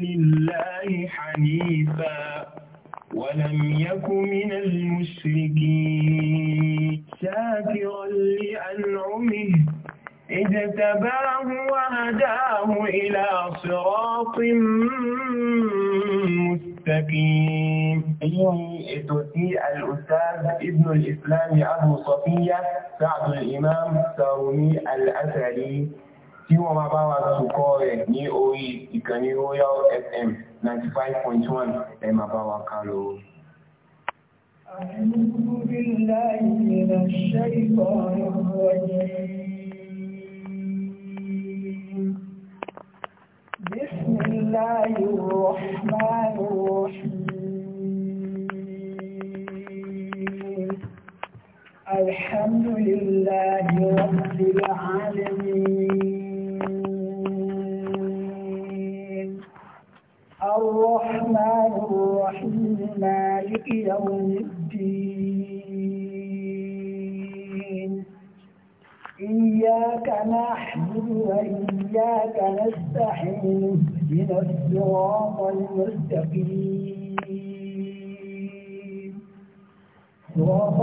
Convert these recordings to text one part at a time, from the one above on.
لله حنيفا ولم يك من المشركين شاكرا لأنعمه اجتباه وهداه إلى صراط مستقيم إني إتوتي الأستاذ ابن الإسلام أبو صفية سعد الإمام ساروني الأثري tí wọ́n máa bá wa sòkọ́ rẹ̀ ní orí ìkànnì Royal FM 95.1 ẹ máa bá wa ká lọ. أعوذ بالله من الشيطان الرجيم بسم الله الرحمن الرحيم الحمد لله رب العالمين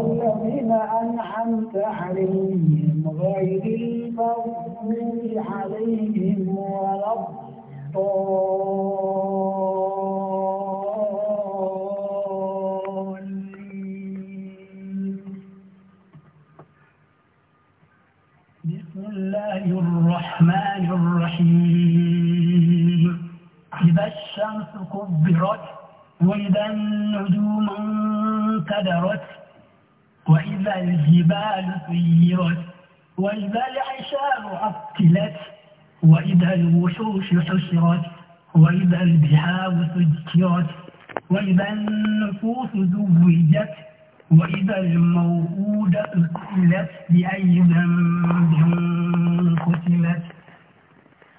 الذين أنعمت عليهم غير المغضوب عليهم ولا بسم الله الرحمن الرحيم إذا الشمس كبرت وإذا النجوم انكدرت وإذا الجبال سيرت وإذا العشار عطلت وإذا الوحوش حشرت وإذا البحار سجرت وإذا النفوس زوجت وإذا الموءودة سئلت بأي ذنب قتلت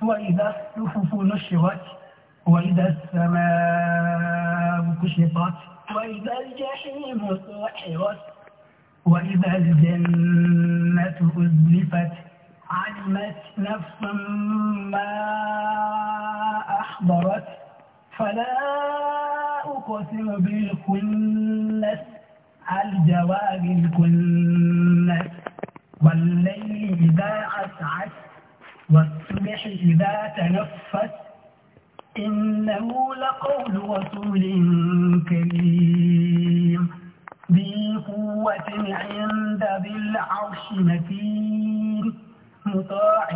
وإذا الصحف نشرت وإذا السماء كشطت وإذا الجحيم سحرت وإذا الجنة أزلفت علمت نفس ما أحضرت فلا أقسم بالكنس الجواب الكنس والليل إذا عسعت والصبح إذا تنفس إنه لقول رسول كريم ذي قوة عند ذي العرش مكين مطاع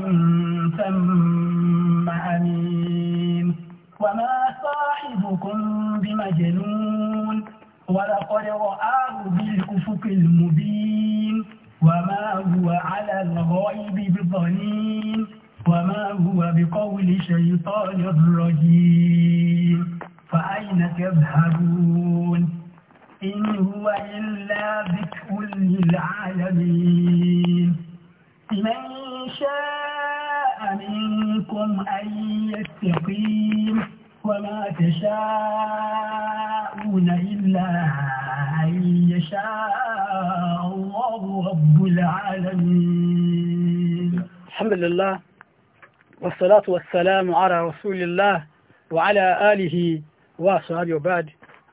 ثم أمين وما صاحبكم بمجنون ولقد رآه بالأفق المبين وما هو على الغيب بظنين وما هو بقول شيطان رجيم فأين تذهبون إن هو إلا ذكر للعالمين لمن شاء منكم أن يستقيم وما تشاءون إلا أن يشاء الله رب العالمين الحمد لله والصلاة والسلام على رسول الله وعلى آله وصحبه وبعد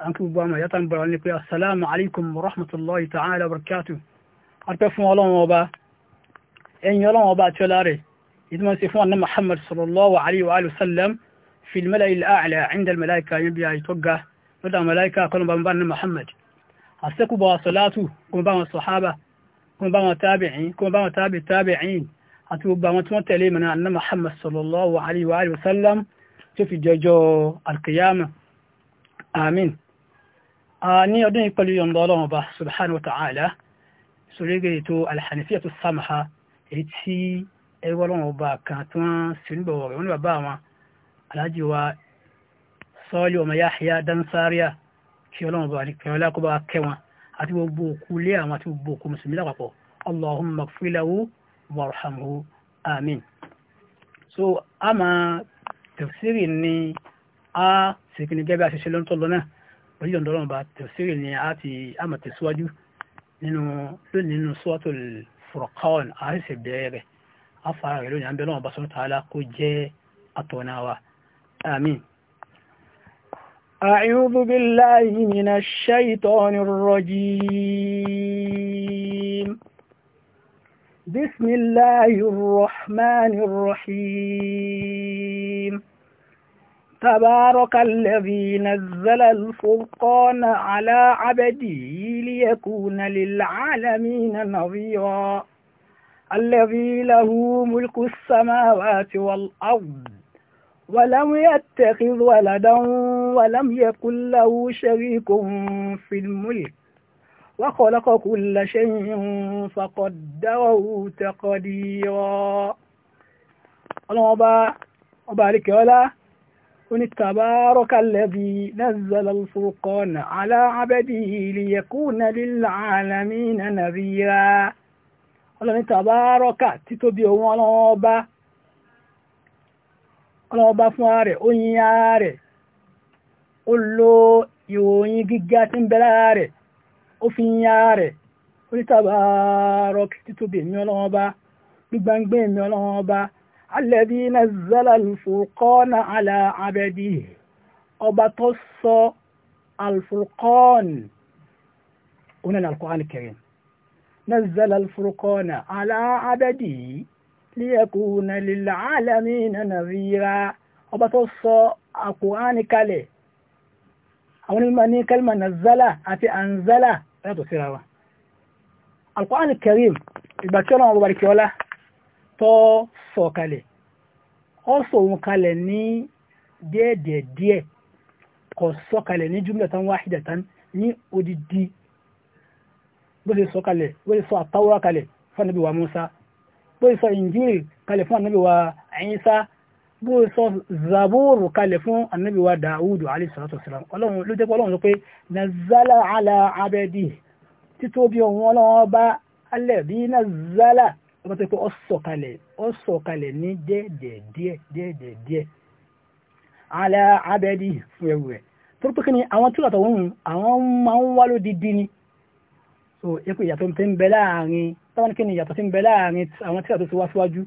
àǹkí gbogbo àmà yàtà ń bọ̀rọ̀ ní pé assalamu alaikum rahmatullahi ta'ala barakatu arpẹ́ fún ọlọ́run ọba ẹ̀yìn ọlọ́run ọba àti ọlá rẹ̀ ìdímọ̀ sí fún anna muhammad sallallahu alaihi wa sallam fi ilmẹ́lẹ̀ ilẹ̀ àlẹ́ àìndẹ̀ mẹ́láìka yẹn bí i tó ga lọ́dà mẹ́láìka kọlu bá ní muhammad àṣẹ́kù bá kuma bá wọn kuma bá wọn kuma bá wọn tábì tábì'in àti gbogbo àwọn anna muhammad sallallahu alaihi wa sallam tó fi jọjọ alkiyama ní ọdún yìí pẹ̀lú yọ̀ǹda ọlọ́run ọba subhanahu wa ta'ala sórígẹ̀ ètò alhanifiya tó samaha èyí tí ẹrú ọlọ́run ọba kan tí wọ́n sì nígbàwọ̀ rẹ̀ wọ́n ní bàbá wọn alhaji sọ́ọ́lì ọmọ yáhíyá dansáríà kí ọlọ́run ọba ní pẹ̀lú alákọ̀ọ́bá kẹwọn àti àti orílẹ̀ ọ̀dọ́rọ̀ bá tẹ̀síwì ni a ti àmà tẹ̀síwájú nínú lónìí nínú suratul Furqan àìsè bẹ̀rẹ̀ afárá rẹ̀ lónìí àbẹ̀lọ́wọ̀n bá sọ́nà tààlà kó jẹ́ àtọ̀náwà àmín. أعوذ بالله من الشيطان الرجيم بسم الله الرحمن الرحيم تبارك الذي نزل الفرقان على عبده ليكون للعالمين نظيرا الذي له ملك السماوات والأرض ولم يتخذ ولدا ولم يكن له شريك في الملك وخلق كل شيء فقدره تقديرا الله أبارك ولا oni tabaraka alladhi nazzala al-furqana ala abadihi liyakuna lil'alamina nadhira ọlọ́ni tabaraka títóbi òun ọlọ́ọba ọlọ́ọba fún ààrẹ oyin ààrẹ ó lo ìròyìn gíga tí ń bẹ̀rẹ̀ ààrẹ ó fi yin ààrẹ oní títóbi èmi ọlọ́ọba gbígbangbé èmi ọlọ́ọba الذي نزل الفرقان على عبده أبطص الفرقان هنا القرآن الكريم نزل الفرقان على عبده ليكون للعالمين نذيرا أبطص القرآن كالي أول ما كلمة نزل أتي أنزل القرآن الكريم يبكرون أبو بركي tó sọ̀kalẹ̀ ó sọ̀hun kalẹ̀ ní díẹ̀díẹ̀ díẹ̀ kò sọ̀kalẹ̀ ní jumlatan wahidatan ní odidi bó ṣe sọ̀kalẹ̀ bó ṣe sọ àtàwọ́rá kalẹ̀ fún ànábì wa Musa bó ṣe sọ Injil kalẹ̀ fún ànábì wa Isa sọ Zaburu kalẹ̀ fún ànábì Dawudu alayhi wasalam ọlọ́run ló jẹ́ wọ́n tẹ́ pé ọ sọ̀kalẹ̀ ọ sọ̀kalẹ̀ ní díẹ̀díẹ̀ díẹ̀díẹ̀ alẹ́ abẹ́dí fún ẹrù rẹ̀ tó pé kí ni àwọn tí wọ́n wọ́n àwọn máa ń wá lódìdí ni so ipò ìyàtọ̀ tí ń bẹ láàrin táwọn kí ni ìyàtọ̀ tí ń bẹ láàrin àwọn tí wọ́n ti wá síwájú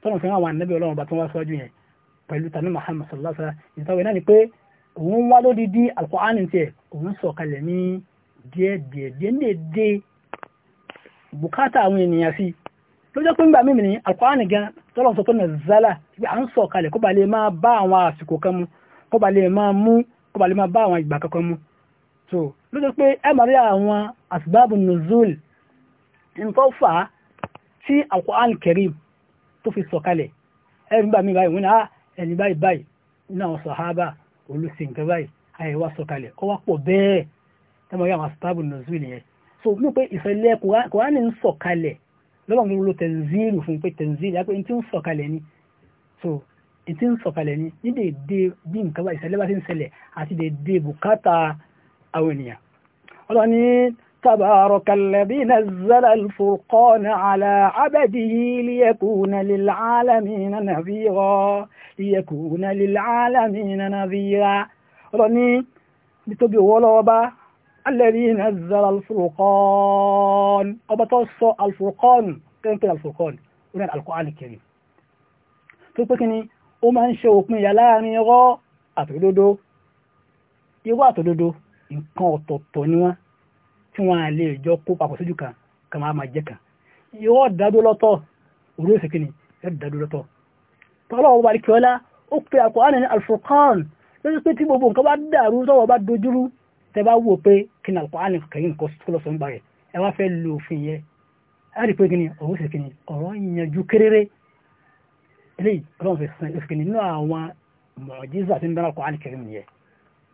tọ́nà fún àwọn ànábì ọlọ́run bá tó wá síwájú yẹn pẹ̀lú tani Muhammad sallallahu alaihi wasallam ìtàwé náà ni pé òun wá lódìdí Al-Qur'an tiẹ̀ òun sọ̀kalẹ̀ ní díẹ̀díẹ̀ díẹ̀ bùkátà àwọn ènìyàn sí ló jẹ́ pé ń gbà mímì ní alkọ́ánì gan tọ́lọ̀ sọ pé nà zálà pé à ń sọ kalẹ̀ kó ba lè máa bá àwọn àsìkò kan mu kó ba lè máa mú kó ba lè máa bá àwọn ìgbà kankan mu so ló jẹ́ pé ẹ máa rí àwọn asbábù nùzúl nǹkan fà á tí alkọ́ánì karim tó fi sọ kalẹ̀ ẹ ń gbà mí ni so bí o pé ìṣẹ̀lẹ̀ kòránì ń sọ̀kalẹ̀ lọ́wọ́n ló lo tẹ̀nzílù fún pé tẹ̀nzílù yá pé n ti ń sọ̀kalẹ̀ ni so n ti ń sọ̀kalẹ̀ ni ní dèédé bí nǹkan bá ìṣẹ̀lẹ̀ bá ti ń ṣẹlẹ̀ àti dèédé bùkátà àwọn ènìyàn ọlọ́run تبارك الذي نزل الفرقان على عبده ليكون للعالمين نذيرا ليكون للعالمين نذيرا ọlọ́ni nítorí owó lọ́wọ́ alladhi nazzala al-furqan ọba tó sọ al-furqan kẹ́kẹ́ al-furqan orí al-Qur'an al-Karim tó pé kí ni ó máa ń ṣe òpin ìyà láàrin irọ́ àtòdodo irọ́ àtòdodo nǹkan ọ̀tọ̀ọ̀tọ̀ ni wọ́n tí wọ́n lè jọ kó papọ̀ sójú kan kan máa jẹ́ kan irọ́ wò pé kí ni Al-Qur'an Karim kọ́ sí kọ́lọ́sọ̀ ń parẹ́ ẹ wá fẹ́ lo òfin yẹn á rí pé kí ni ọ̀rọ̀ sì kí ni ọ̀rọ̀ ìyànjú kéréré eléyìí ọlọ́run fi sàn òsì kí ni nínú àwọn mọ̀jísà tí ń bẹ́rẹ̀ Al-Qur'an Karim yẹn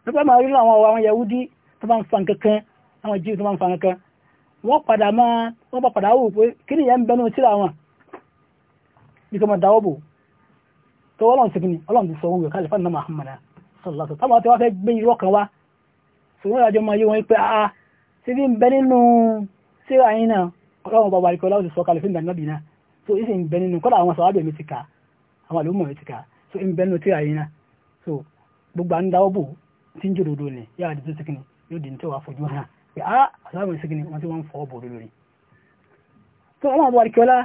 nípa máa rí àwọn àwọn Yahudi tó bá ń fa kankan àwọn jíì tó bá ń fa kankan wọ́n padà máa wọ́n bá padà wò pé kí ni yẹn ń bẹnu tíra wọn bí kò mọ̀ dáwọ́ bò tó ọlọ́run sì kí ni ọlọ́run ti sọ ṣùgbọ́n ìrajọ máa yé wọn pé a ah, ah, ṣe bí ń bẹ nínú síra yín náà ọlọ́run bàbá ikọ̀ láti sọ kalẹ̀ fún ìdánilọ́bì náà so ìsìn ń bẹ nínú kọ́lá àwọn sọ̀rọ̀ mi ti kà àwọn àlùmọ̀ mi so ń bẹ nínú síra yín so gbogbo àwọn dáwọ́ bò tí ń jò dodo ni yára di tó yóò di tó wà fojú hàn pé a ah, àlùmọ̀ sikini wọ́n ni. so ọlọ́run bàbá ikọ̀ lá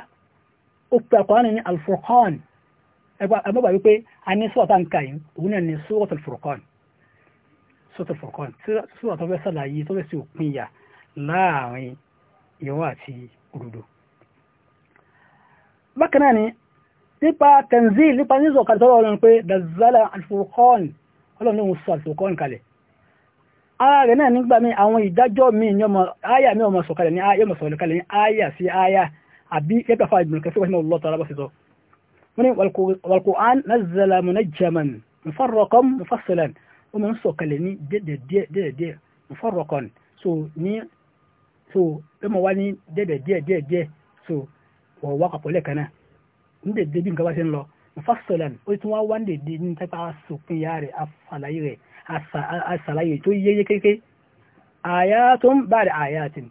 ó pe àkọ́rán ní alfurqan ẹgbẹ́ àgbàgbà wípé a ní sọ́ọ̀tà ń kà sọ́tò fọ̀kàn síra tó fẹ́ sàlàyé tó fẹ́ sí òpin ìyà láàrin ìwọ́ àti òdodo. bákan náà ni nípa tanzil nípa nízọ̀ kan tọ́rọ ọlọ́run pé dazala alfurqan ọlọ́run ló ń sọ alfurqan kalẹ̀ ara rẹ̀ náà nígbà mi àwọn ìdájọ́ mi ní ọmọ áyà mi ọmọ sọ̀kalẹ̀ ní áyà sọ̀kalẹ̀ kalẹ̀ ní áyà sí áyà àbí kẹ́kẹ́ fa ìgbìmọ̀ kẹfẹ́ wọ́n lọ́tọ̀ alábọ̀sí sọ wọ́n ni walqur'an nazala munajjaman mufarraqan mufassalan ó máa ń sọ̀kalẹ̀ ní dẹ́dẹ̀díẹ̀ dẹ́dẹ̀díẹ̀ mufarraqan so ní so ẹ mọ̀ wá ní dẹ́dẹ̀díẹ̀ dẹ́dẹ̀díẹ̀ so wọ̀ wá papọ̀ lẹ́ẹ̀kan náà ní dẹ̀dẹ̀ bí nǹkan bá ṣe ń lọ mufasalan ó tún wá wá ń dèdè ní tẹ́pá asòpin ya rẹ̀ afàlàyé rẹ̀ asàlàyé tó yéye kéke ayatun ba'da ayatin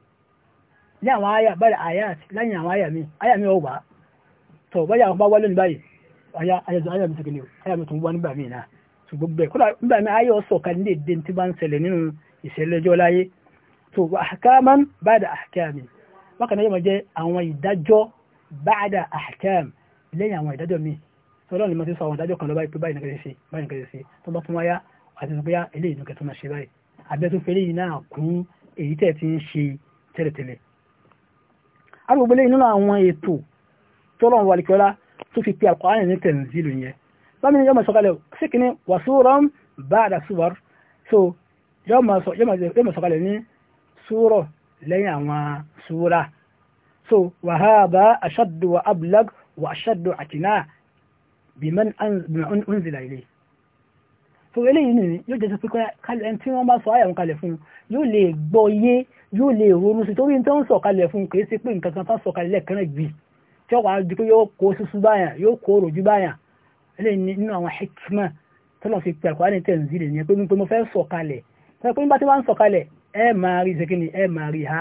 ní àwọn àyà bá rẹ̀ àyà lẹ́yìn àwọn àyà mi àyà mi ọwà tọ̀ báyà àwọn bá wá lónìí báyìí àyà mi tẹ̀kẹ̀ ni àyà mi tún wá nígbà míì náà gbogbo ẹ̀ kódà nígbà mi ayé ọ̀sọ̀ kan ní èdè tí bá ń ṣẹlẹ̀ nínú ìṣẹ̀lẹ̀ láyé tó ahkaman ba'da ahkam bákan yóò jẹ́ àwọn ìdájọ́ ba'da ahkam lẹ́yìn àwọn ìdájọ́ mi tọ́lọ́run ni mo ti sọ àwọn ìdájọ́ kan lọ báyìí pé báyìí nìkan ṣe báyìí nìkan ṣe tó bá tún wáyá àti tó bóyá eléyìí nìkan tó máa ṣe báyìí abẹ́ tó fẹ́lẹ́ yìí náà kún èyí tẹ̀ ti ń ṣe tẹ́lẹ̀tẹ́lẹ̀. arúgbó lẹ́yìn nínú àwọn ètò tọ́lọ́run wà lẹ́kọ́lá tó fi pe Al-Qur'an bámi yọ́ ma sọ̀kalẹ̀ síkì ní wàsúrọ̀m báàdà súwọ́r so yọ́ ma sọ̀kalẹ̀ ní súrọ̀ lẹ́yìn àwọn súra so wàhábà aṣaddu wa ablag wa aṣaddu àkìná bí man ń zìlà ilé so eléyìí ni yóò jẹ́ pé kalẹ̀ tí wọ́n bá sọ àyà wọn kalẹ̀ fún yóò lè gbọ́ yé yóò lè ronú sí torí tó ń sọ kalẹ̀ fún kìí sí pé nǹkan kan tán sọ kalẹ̀ lẹ́ẹ̀kan gbì tí ó wà di pé yóò kó susu báyà yóò kó rojú báyà eléyìí nínú àwọn hikma tọ́lọ̀ fi pẹ̀lú àní tẹ̀ ń zi lè ní pé mo fẹ́ sọ̀kalẹ̀ tọ́lọ̀ pé nígbà tí wọ́n ń sọ̀kalẹ̀ ẹ máa rí ṣe kíni ẹ máa rí ha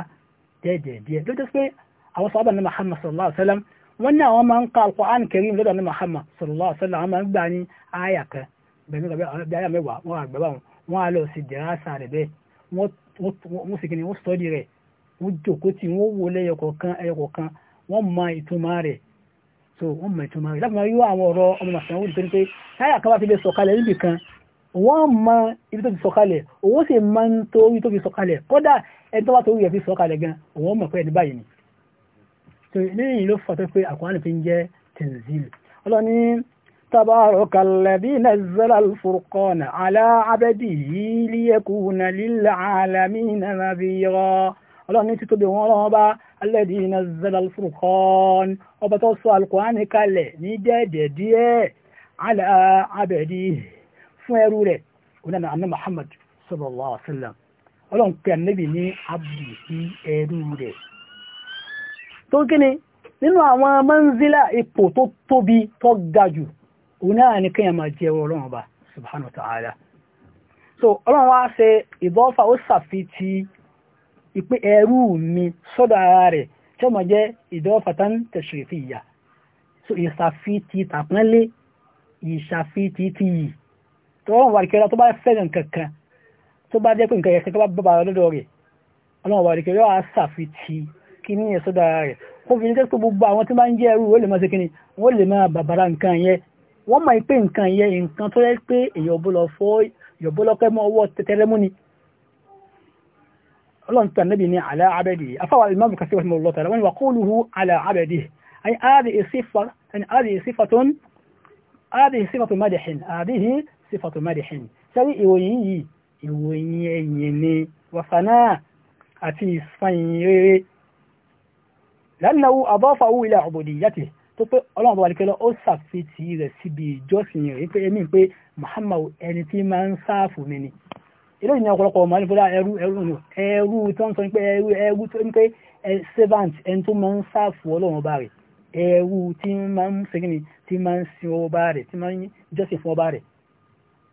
díẹ̀díẹ̀ ló jẹ́ pé àwọn sọ́ọ́bà ní Muhammad sallallahu alayhi wa sallam wọ́n ní àwọn máa ń ka Al-Qur'an Karim lọ́dọ̀ ní Muhammad sallallahu alayhi wa sallam àwọn máa ń gbà ní àyà kan bẹ̀rẹ̀ nígbà bí àyà mẹ́wàá wọ́n àgbà báwọn wọ́n á lọ sí dẹ̀rásà rẹ̀ bẹ́ẹ̀ wọ́n sì kíni wọ́n sọ́ọ́dì rẹ̀ wọ́n jòkó tí wọ́n wọlé ẹyọkọ̀ọ̀kan ẹyọkọ̀ọ̀kan wọ́n mọ ìtumọ̀ rẹ̀ so wọ́n mọ̀ ìtumọ̀ rẹ̀ lápapọ̀ yóò àwọn ọ̀rọ̀ ọmọ màsàn wọ́n pé táyà kan bá ti lè sọ̀kalẹ̀ níbì kan wọ́n mọ ibi tó fi sọ̀kalẹ̀ òun sì mọ ń torí tó fi sọ̀kalẹ̀ kódà ẹni tó wá torí rẹ̀ fi sọ̀kalẹ̀ gan òun mọ̀ pé ẹni báyìí ni so lẹ́yìn ló fọ́ tó pé àkùnrin fi ń jẹ́ tenzil ọlọ́ni تبارك الذي نزل الفرقان على عبده ليكون للعالمين نذيرا ọlọ́ni títóbi wọn ọlọ́wọ́ alẹ́dí iná zẹ́lẹ̀ fúrukọ́n ọba tó sọ alukurani kalẹ̀ ní dẹ́ẹ̀dẹ̀ díẹ̀ alẹ́ abẹ́dí fún ẹrú rẹ̀ onáni anna muhammad sallallahu alaihi wa sallam ọlọ́run pé ànábì ní abdi sí ẹrú rẹ̀ tó kíni nínú àwọn manzila ipò tó tóbi tó ga jù onáni kéèyàn máa jẹ́ ọlọ́run ọba subhanahu wa ta'ala so ọlọ́run wá ṣe ìbọ́fà ó ṣàfi ti ìpé ẹrú ni sọ́dọ̀ ara rẹ̀ tí ó mọ̀ jẹ́ ìdọ́fàtán tẹ̀sírìfìyà so ìṣàfitì tàpọ́nlé ìṣàfitì ti yìí tó wọ́n wà kẹ́ra tó bá fẹ́ràn kankan tó bá jẹ́ pé nǹkan ẹ̀sẹ̀ tó bá bàbá lọ́dọ̀ rẹ̀ ọlọ́run wà kẹ́ra yóò ṣàfitì kí ní ẹ̀ sọ́dọ̀ ara rẹ̀ kó fi ní tẹ́sí pé ọlọ́run tàn níbi ní ala abdihi afáwà imam kasir rahimahu allah ta'ala wọ́n wà qawluhu ala abdihi ay hadhihi sifa ay hadhihi sifatun hadhihi sifatu madhin hadhihi sifatu madhin sẹ́rí ìròyìn yìí ìròyìn ẹ̀yìn ni wàsánà àti ìsànyìn rere lánàá àbọ́fàwú ila ubudiyyatihi tó pé ọlọ́run bá wà nìkẹ́lọ́ ó sàfitì rẹ̀ síbi ìjọsìn rẹ̀ pé ẹni pé muhammadu ẹni tí máa ń sáàfù mi ni ilé ìní ọ̀pọ̀lọpọ̀ ọmọ nípa ẹrú ẹrú ẹrú tó ń sọ pé ẹrú ẹrú tó ń pé servant ẹni tó máa ń sáàfù ọlọ́run ọba rẹ̀ ẹrú tí máa ń segin ni tí máa ń sin ọba rẹ̀ tí máa ń jọ́sìn fún ọba rẹ̀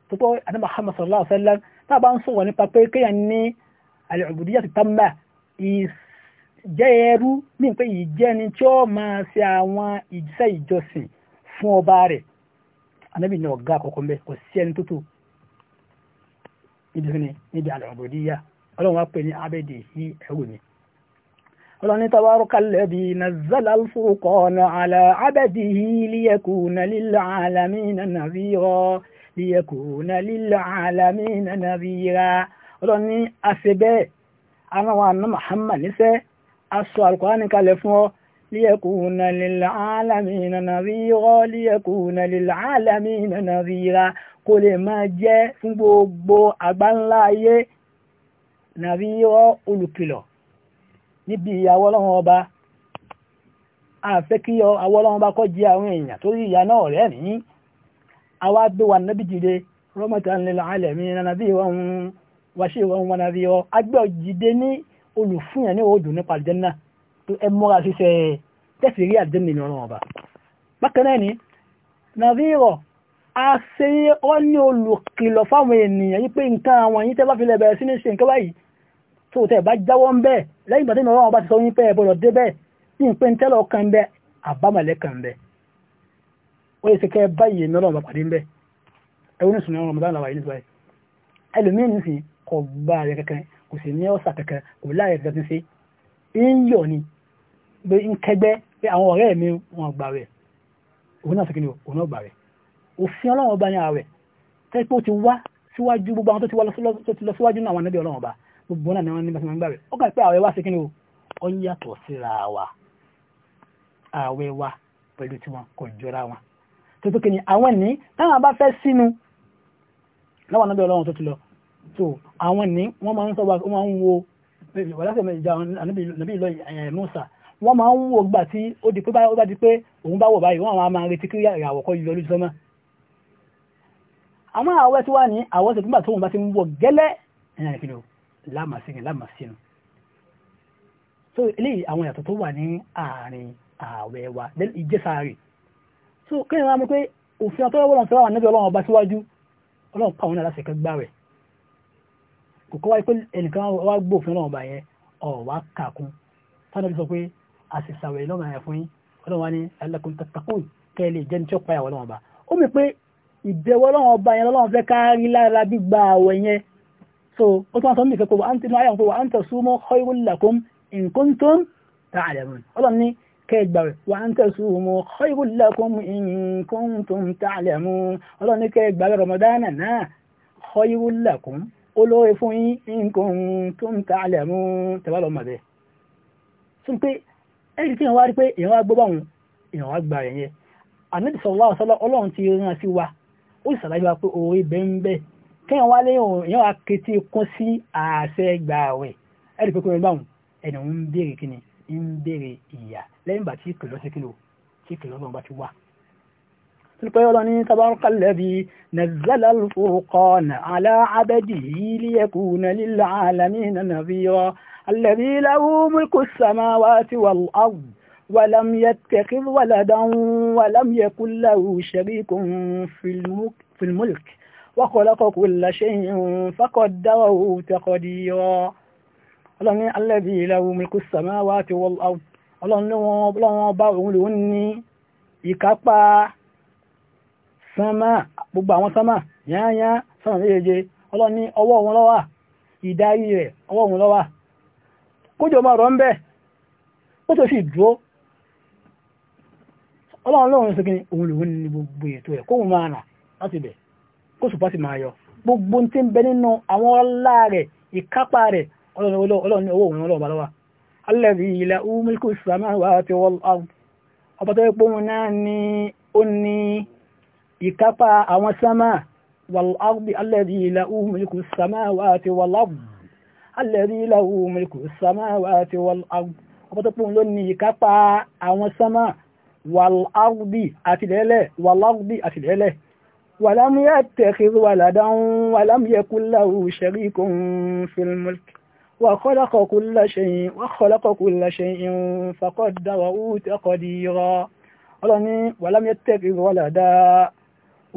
tó pọ̀ àti Muhammad sallallahu alaihi wasallam tá a bá ń sọ̀rọ̀ nípa pé kéèyàn ní al-ubudiyyah at-tamma ìjẹ́ ẹrú ní pé ìjẹ́ni tí ó máa ṣe àwọn iṣẹ́ ìjọsìn fún ọba rẹ̀ anábì ní ọ̀gá àkọ́kọ́ mẹ́ kò sí ẹni tó tó níbi ní níbi àlọ́bọ̀díyà ọlọ́run wá pè ní abẹ́dẹ̀ sí ẹrù mi ọlọ́run ní tabaraka alladhi nazzala al-furqana ala abdihi liyakuna lil-alamina nadhira liyakuna lil-alamina nadhira ọlọ́run ní àṣebẹ́ àwọn àna Muhammad níṣẹ́ aṣọ al kalẹ̀ fún ọ ليكون للعالمين نذيرا ليكون للعالمين نذيرا kò lè máa jẹ́ fún gbogbo àgbáńlá ayé nàbí olùkìlọ̀ níbi ìyàwó ọlọ́run ọba àfẹ́ kí àwọ ọlọ́run bá kọ́ jẹ àwọn èèyàn torí ìyà náà rẹ̀ ní àwa gbé wa nàbí jìde rahmatan lil alamin nàbí wọn wá sí wọn wọn nàbí wọn agbẹ́ òjìde ní olùfúnyàn ní òòdùn nípa àlùjànnà tó ẹ múra ṣiṣẹ́ tẹ́sí rí àlùjànnà ní ọlọ́run ọba bákan náà ní nàbí wọn a ṣe wọ́n ní olùkìlọ̀ fáwọn ènìyàn yí pé nǹkan àwọn yìí tẹ́ bá fi lẹ́bẹ̀ẹ́ sí ní ṣe nǹkan báyìí tó tẹ́ bá jáwọ́ ń bẹ́ẹ̀ lẹ́yìn ìgbà tí ìnáwó àwọn bá ti sọ yín pé ẹ̀bọ̀dọ̀ dé bẹ́ẹ̀ ní pé ń tẹ́lọ̀ kan bẹ́ẹ̀ àbámọ̀lẹ́ kan bẹ́ẹ̀ ó yẹ kẹ́ báyìí èmi ọlọ́run bá pàdé ń bẹ́ẹ̀ ẹ̀rú ní sùn ọmọdé àwọn àyè nípa ẹlòmíín ní sìn kọ bá rẹ kankan kò sì ní ọ̀sà kankan kò láàrẹ kankan sí ń yọ̀ ni bí ń kẹgbẹ́ òfin ọlọ́run ọba ní ààwẹ̀ tẹ́pẹ́ ó ti wá síwájú gbogbo àwọn tó ti lọ síwájú náà àwọn anábì ọlọ́run ọba gbogbo náà ni wọ́n ní bá ti máa ń pé ààwẹ̀ wá sí kí ni o ó ń yàtọ̀ síra wa ààwẹ̀ wa pẹ̀lú tí wọn kò jọra wọn tó tó kìíní àwọn ní táwọn bá fẹ́ sínú láwọn anábì ọlọ́run tó ti lọ tó àwọn ní wọ́n máa ń sọ wọ́n máa ń wo wàlásẹ̀ mẹ́jọ anábì ìlọ Mùsá wọ́n máa ń gbà tí ó di pé báyìí wọ́n máa retí kí ìyàwó kọ́ yọ lójú àmọ́ àwẹ́ tí wá ní àwọ́ tẹ̀gbùgbà tó wọ́n bá ti ń wọ gẹ́lẹ́ ẹ̀yàn lámàsínú lámàsínú so ilé àwọn ìyàtọ̀ tó wà ní àárín àwẹ́ wa ìjẹ́sàárì so kí ni wọ́n mú pé òfin ọ̀tọ́lọ́wọ́n sọ́wọ́ níbi ọlọ́run ọba síwájú ọlọ́run pàwọn aláṣẹ kan gbà rẹ̀ kò kọ́ wáyé pé ẹnìkan wá gbọ́ òfin ọlọ́run ọba yẹn ọ̀wá kàkún tánà bí sọ pé àṣìṣàwẹ̀ lọ́mọ ẹ̀ ìbẹ̀wọ́ lọ́wọ́ ọba yẹn lọ́wọ́ fẹ́ kárí lára gbígba àwẹ̀ yẹn so ó tún wá sọ ní ìfẹ́ pé wà á ń tẹnu ayọ̀ pé wà á ń tasumu khayrun lakum in kuntum ta'lamun ọlọ́run ní kẹgbà wà á ń tasumu khayrun lakum in kuntum ta'lamun ọlọ́run ní kẹgbà Ramadana náà khayrun lakum olóore fún yín in kuntum ta'lamun tẹ̀wá ó sì ṣàlàyé wa pé òwe bẹ́ńbẹ́ kéèyàn wá léyìn òun èèyàn wá kété kún sí àṣẹ gbà wẹ̀ ẹ̀rì pé kúrin báwọn ẹni òun ń béèrè kíni ń béèrè ìyà lẹ́yìn ìgbà tí kìlọ́ sí kìlọ́ tí kìlọ́ bá ti wà. تلقي ولن تبارك الذي نزل الفرقان على عبده ليكون للعالمين نذيرا الذي له ملك السماوات والأرض ولم يتخذ ولدا ولم يكن له شريك في الملك وخلق كل شيء فقدره تقديرا ọlọ́ni alẹ́bí ìlàwò mìkú sàmáwá ti wọ́l out ọlọ́ni wọn bá òun ló ní ìkápá sánmà gbogbo àwọn sánmà yányá sánmà méjèèje ọlọ́ni ọwọ́ òun ló wà ìdarí rẹ̀ ọwọ́ òun ló wà kójò máa rọ̀ ń bẹ́ẹ̀ ó tó sì dúró ọlọ́run lọ́run ṣe kíni òun lòun ní gbogbo ètò ẹ̀ kóhun máa nà láti bẹ̀ kó sùpá sì máa yọ gbogbo tí ń bẹ nínú àwọn ọlá rẹ̀ ìkápá rẹ̀ ọlọ́run owó òun ọlọ́ọ̀bá lọ́wọ́ alẹ́bí ilẹ̀ umilku samawa ti wọ́n ọ̀run ọba tó pé òun náà ni ó ní ìkápá àwọn sámà wàlọ́ọ̀bí alẹ́bí ilẹ̀ umilku samawa ti wọ́n ọ̀run alẹ́bí ilẹ̀ umilku samawa ti wọ́n ọ̀run ọba tó pé òun ló ní ìkápá àwọn sámà wàláwùdí àtìlẹ́lẹ̀ wàláwùdí àtìlẹ́lẹ̀ wàlámù yẹ tẹ̀kìrì wàládán wàlámù yẹ kúláwù sharikun fil mulk وخلق كل شيء وخلق كل شيء فقدره تقديرا ọlọ́ni wàlámi tẹ́kì wọ́lá dáa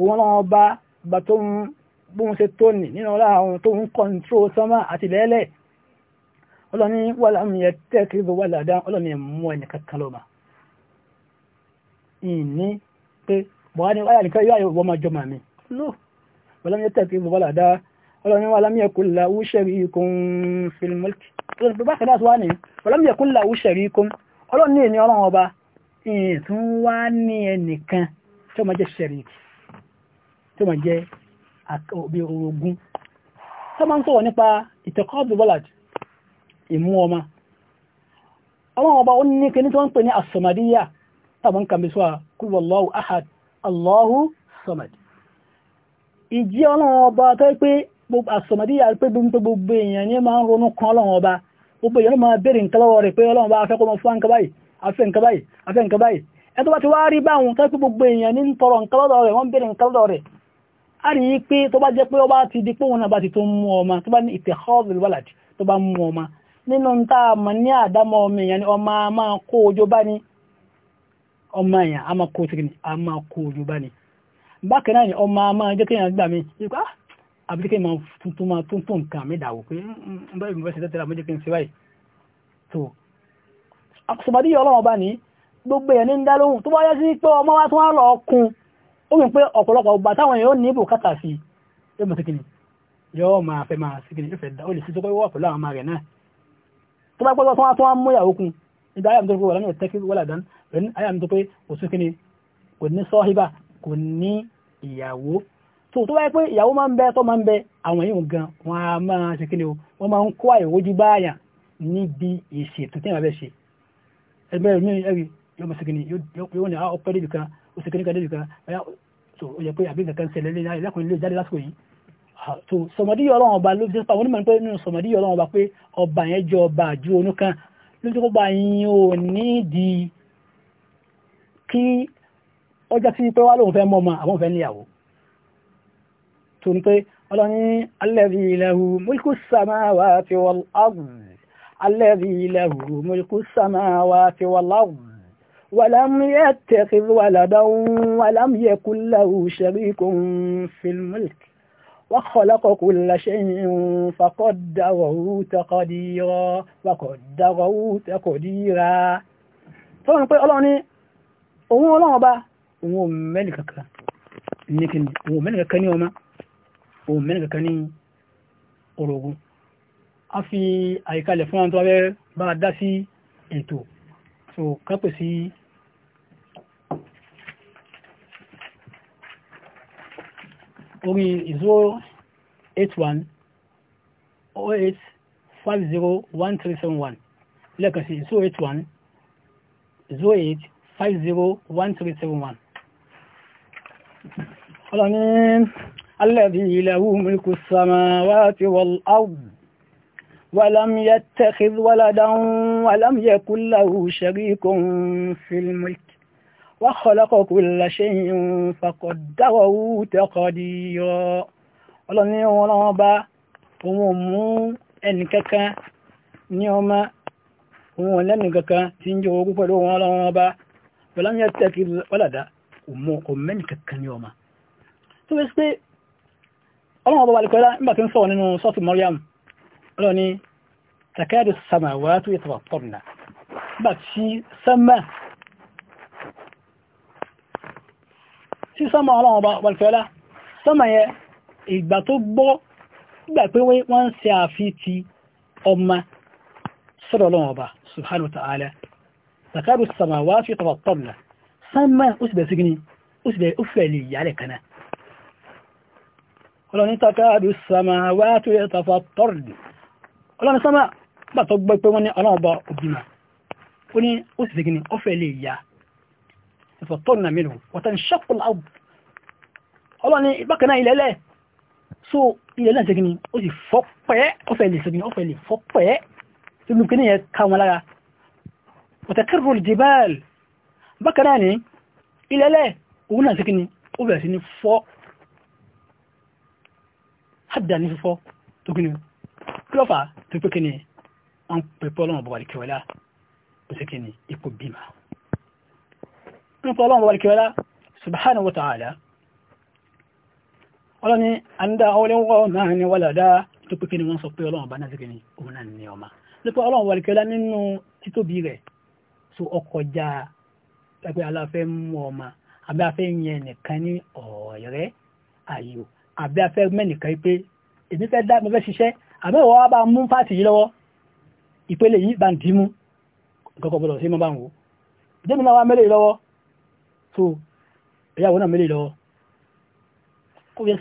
òun náà bá bá tó ń bóun ṣe tó nì nínú ọlá àwọn tó ń kọ́ntró sánmà àti lẹ́lẹ̀ ọlọ́ni wàlámi tẹ́kì wọ́lá ọlọ́ni mú ẹni kankan ìní pé bọ̀wá ni wáyà nìkan yóò wọ́n máa jọmọ̀ mi lò wọ́n yẹ tẹ̀kí bọ̀wá làdá ọlọ́ni wà lámì ẹ̀kọ́ la ó ṣẹ̀rí ikun filimọ́lìkì ọlọ́ni pé bákan náà tó wá ní wọ́n lámì ẹ̀kọ́ la ó ṣẹ̀rí ikun ọlọ́ni ní ọlọ́run ọba ìtún wá ní ẹnìkan tó máa jẹ́ ṣẹ̀rí tó máa jẹ́ bí orogún tó máa ń sọ̀rọ̀ nípa ìtẹ̀kọ́ bọ̀wọ́làdì ìmú ọmọ ọlọ́run ọba ó ní kíní tó ń pè ní àsọmọdíyà tàbí nǹkan bí sọ́wà kúrò Allahu ahad Allahu samad ìjí ọlọ́run ọba tó pé àsọmọdíyà pé gbogbo èèyàn ní máa ń ronú kan ọlọ́run ọba gbogbo èèyàn máa bèèrè nǹkan lọ́wọ́ rẹ̀ pé ọlọ́run bá afẹ́kọ́ fún nǹkan báyìí afẹ́ nǹkan báyìí afẹ́ nǹkan báyìí ẹ tó bá ti wá rí báwọn tó pé gbogbo èèyàn ní tọrọ nǹkan lọ́dọ̀ rẹ̀ wọ́n ọmọ ọmọ ní ọmọ ọmọ kó ojó bá ní ọmọ èèyàn a máa kó sí ni a máa kó ojú bá ni bákan náà ni ọmọ a máa jẹ́ kéèyàn gbà mí yípa ah! àbíké máa tuntun máa tuntun nǹkan mi dàwó pé ń mm, mm, bá ìbí bẹ́sẹ̀ tẹ́tẹ́ra méjì kí n ṣe báyìí tó àkùsùmọ̀dé yọ ọlọ́wọ́ bá ní gbogbo ẹ̀ ní ń dá lóhùn tó bá yẹ sí pé ọmọ wa tó wá lọ kún ó mì pé ọ̀pọ̀lọpọ̀ ọgbà táwọn èèyàn ní bùkátà sí yóò mọ̀ sí kìnnì yóò máa fẹ́ máa sí kìnnì yóò ó lè sí tó pé láwọn ọmọ rẹ̀ náà tó bá pẹ́ tó wá mú ìyàwó kun ìdáyà mi tó wà lánàá tẹ́kí wọ́lá dán àyà mi tó pé kò sí kíni kò ní sọ́híbà kò ní ìyàwó tó tó báyìí pé ìyàwó máa ń bẹ tó máa ń bẹ àwọn èèyàn gan wọn a máa ṣe kíni o wọn máa ń kó àìwójú báyà níbi ìṣètò tí wọn bẹ ṣe ẹgbẹ́ ah, kan ó ṣe kíni kan débi kan tó ó yẹ pé àbí nǹkan kan ṣẹlẹ̀ lẹ́yìn lẹ́kùnrin lè jáde lásìkò yìí tó ah, sọmọdé yọ ọlọ́run ọba ló fi pa onímọ̀ pé nínú sọmọdé yọ ọlọ́run ọba pé ọba yẹn kan lójú kó bá yín ò ní di kí ọjọ́ sí pé wá lóun fẹ́ mọ́ ọmọ àwọn fẹ́ níyàwó tó ní pé ọlọ́ni alẹ́bí ilẹ̀hù múlùkù sàmáwá wọ́n láwùn alẹ́bí ilẹ̀hù múlùkù sàmáwá wọ́n láwùn ولم يتخذ ولدا ولم يكن له شريك في الملك وخلق كل شيء فقدره تقديرا وقدره تقديرا فقال òun ọlọ́wọ́ bá òun mẹ́lì kankan níkìní òun mẹ́lì kankan ní ọmọ òun mẹ́lì kankan ní orogún a fi àyíkalẹ̀ fún àwọn tó wáyé bá a dá sí ètò so kápẹ̀ sí orí 081 08 50 1371 lẹ́ẹ̀kan sí 081 08 501371 ọlọ́ni alẹ́bí ilẹ̀wú mulku samawati wal ard ولم يتخذ ولدا ولم يكن له شريك في الملك وخلق كل شيء فقدره تقديرا ọlọ́ni wọn lọ́wọ́ bá òun mú ẹnìkankan ní ọmọ òun lẹ́nìkankan tí ń jẹ́ ogún pẹ̀lú wọn lọ́wọ́ bá wọ́n yá tẹ́kì wọ́làdá ọmọ́ni kankan ní ọmọ tó wé sí pé ọlọ́run ọba balẹ̀kọ́lá nígbà tó ń sọ nínú sọ́tù Maryam lọ ní takadu samawatu yatafattarna nígbà tí sánmà tí sánmà ọlọ́run yẹ ìgbà tó ta'ala takadu samawati tafattarna sánmà ó sì bẹ̀rẹ̀ sí gíní ó sì bẹ̀rẹ̀ ó fẹ̀ lè yálẹ̀ kaná ọlọ́ni takadu samawati tafattarna ọlọ́ni sánmà bàtọ́ gbọ́ pé wọ́n ní ọlọ́ọ̀bọ̀ òbímà ó ní ó sì gíní ó fẹ̀ lè yá tafattarna minhu wa tanshaqqu al-ard ọlọ́ni ìbákaná ilẹ̀lẹ̀ so ilẹ̀lẹ̀ sí gíní ó sì fọ́pẹ́ ó fẹ̀ lè sí gíní ó fẹ̀ lè fọ́pẹ́ وتكر الجبال بكراني إلى لا ونا سكني وبسني فوق حدا ني فوق تكني كلفا تكني أن بيبولون بوالك ولا سكني يكون بما بيبولون بوالك ولا سبحانه وتعالى ọlọ́run ni أولي ń ولا دا، máa ní wọ́lá dáa tó pé kí ni wọ́n sọ pé ọlọ́run bá so ọkọjá pẹpẹ aláfẹ mú ọmọ àbí afẹ yẹn nìkan ní ọ̀rẹ́ ayò àbí afẹ mẹnìkan pé èmi fẹ́ dá mo fẹ́ ṣiṣẹ́ àbí ìwọ wa bá mú fáàtì yìí lọ́wọ́ ìpele yìí bá ń dì í mú nǹkan kan gbọ́dọ̀ sí mo bá ń wò jẹ́mi náà wá mẹ́lẹ̀ lọ́wọ́ so ìyàwó náà mẹ́lẹ̀ lọ́wọ́ kò yẹ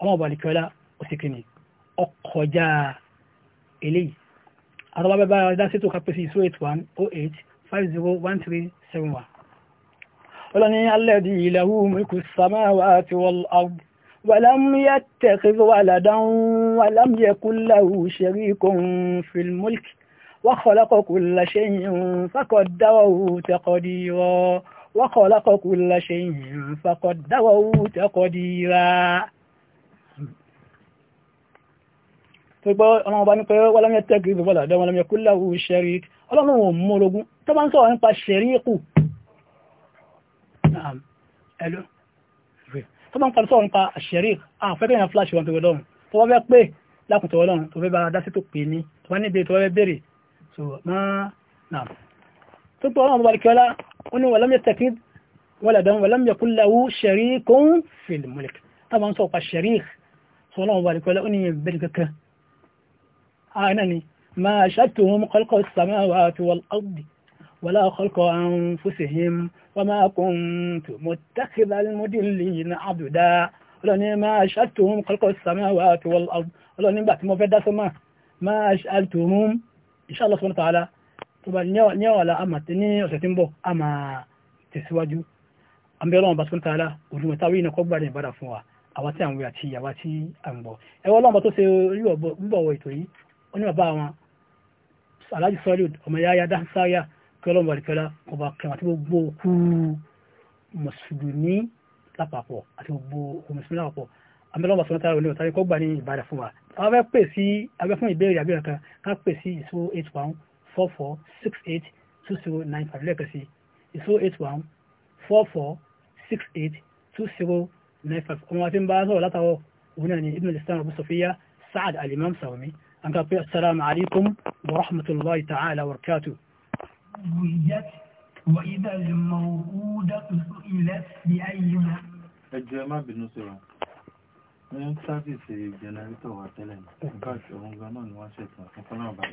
ọmọ ọba lè kí ọkọjá eléyìí àtọ́wọ́ bẹ́ẹ̀ bá dá sétò kápẹ́ sí zero eight one oh eight five zero one three seven one. ọlọ́ni alẹ́dí ìlàwù mẹ́kù sàmáwá àti wọ́lọ́ọ̀bù ولم يتخذ ولدا ولم يكن له شريك في الملك وخلق كل شيء pípọ́ ọlọ́run bá ní pé wọ́lámẹ́ tẹ́kì ìbọ̀lá dẹ́wọ́n lọ́mẹ́ kúláwù ṣẹ́rí ọlọ́run ò mú orogún tó bá ń sọ̀rọ̀ nípa ṣẹ̀rí kù tó bá ń parí sọ̀rọ̀ nípa ṣẹ̀rí àfẹ́kẹ́ yẹn flash ọlọ́run bá fẹ́ pé lákùntọ̀ ọlọ́run tó fẹ́ ṣẹ̀rí أنني ما أشهدتهم خلق السماوات والأرض ولا خلق أنفسهم وما كنت متخذ المدلين عبدا ọlọ́ni máa ṣàtòhún kọlọ́kọ́ sàmáwà àti wọ́lọ́dún ọlọ́ni nígbà tí mo fẹ́ dásọ máa máa ṣàtòhún insha Allah subhanahu wa tó bá níwàlá àmà ní ọ̀sẹ̀ tí ń bọ̀ àmà tẹ̀síwájú àmìlọ́wọ̀n bá subhanahu wa ta'ala òdùnmọ̀ táwí iná kọ́ tí à ń wẹ̀ tí à ń bọ̀ ẹwọ́ ọlọ́run tó ṣe rí ọ̀bọ̀ wíbọ̀wọ̀ yìí ó ní bàbá wọn aláàjì sọ́lid ọmọ yáyá dáńsáyà kí ọlọ́run bàdìkẹ́lá ọba kẹwàá àti gbogbo òkú mùsùlùmí lápapọ̀ àti gbogbo òkú mùsùlùmí lápapọ̀ amẹ́lọ́wọ́ sọ́nà táwọn oníwọ̀n tàbí kọ́ gbà ní ìbàdàn fún wa àwọn fẹ́ pè sí abẹ́ fún ìbéèrè àbí ọ̀kan ká pè sí ìṣó eight one four four six eight two zero nine five lẹ́ẹ̀kan sí ìṣó eight one four four six eight two zero nine five ọmọ wa ti ń bá sọ̀rọ̀ látàwọ̀ òun náà ni ibn al-islam abu sofiya saad alimam sawmi an ka pe assalamu alaikum wa rahmatullahi ta'ala wa barakatuh وإذا الموءودة سئلت بأيها ẹjọ́ ẹ má bínú síra ní sáfíìsì jẹnẹrétọ̀ wà tẹ́lẹ̀ ní káàkiri ohun gan ni wọ́n ṣètò